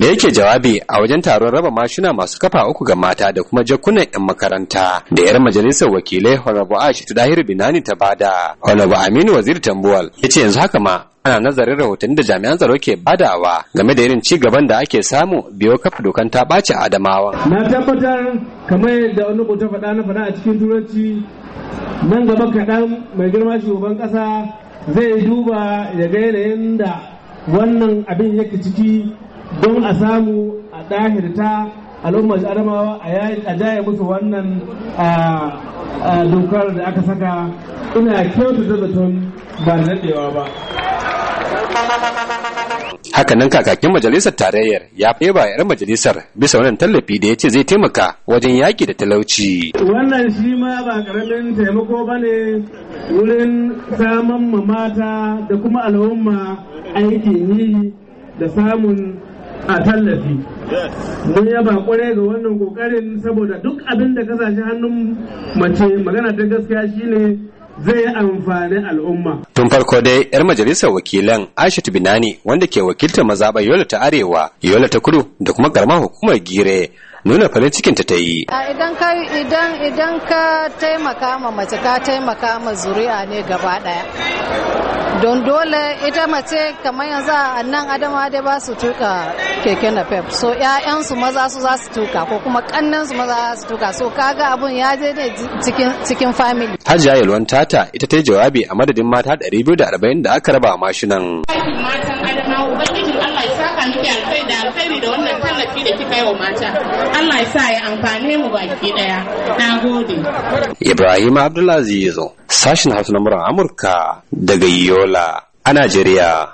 da yake jawabi a wajen taron raba mashina masu kafa uku ga mata da kuma jakunan 'yan makaranta da 'yar majalisar wakilai honorable aisha Tudahir binani ta bada honorable aminu wazir tambuwal ya ce yanzu haka ma ana nazarin rahotanni da jami'an tsaro ke badawa game da irin ci gaban da ake samu biyo kafa dokan ta ɓace adamawa na tabbatar kamar yadda wani ta faɗa na faɗa a cikin turanci nan gaba kaɗan mai girma shugaban ƙasa zai duba ya ga yanayin da wannan abin yake ciki don a samu a ɗahirta al'ummar adamawa a jaye musu wannan dokar da aka saka ina kyautata zaton ba na daɗewa ba hakanan kakakin majalisar tarayyar ya ba yar majalisar bisa wannan tallafi da ya ce zai taimaka wajen yaƙi da talauci wannan shi ma ba karamin taimako ba ne wurin samun mata da kuma al'umma aikin yi da samun a tallafi mun yaba kware ga wannan kokarin saboda duk abin da kasashe hannun mace magana ta gaskiya shine zai amfani al'umma. Tun farko dai 'yar majalisar wakilan Aisha Binani wanda ke wakiltar mazaɓar Yola ta Arewa, Yola ta Kudu da kuma karamar hukumar Gire nuna farin cikinta ta yi. Idan ka idan idan ka taimaka ma mace ka taimaka ma zuri'a ne gaba daya. Don dole ita mace kamar yanzu a nan adama dai ba su tuka keke na pep so ƴaƴansu maza su za su tuka ko kuma su maza su tuka so kaga abun ya je ne cikin cikin family. Hajiya Yalwan Tata ita ta yi jawabi a madadin mata 240 da aka raba a mashinan. Matan Adamawa Allah ya saka miki alkai da alkhairi da wannan tallafi da kika yi wa mata. Allah ya sa ya amfane mu baki daya. Na Ibrahim Abdulaziz sashin Hausa na Amurka daga Yola a Najeriya.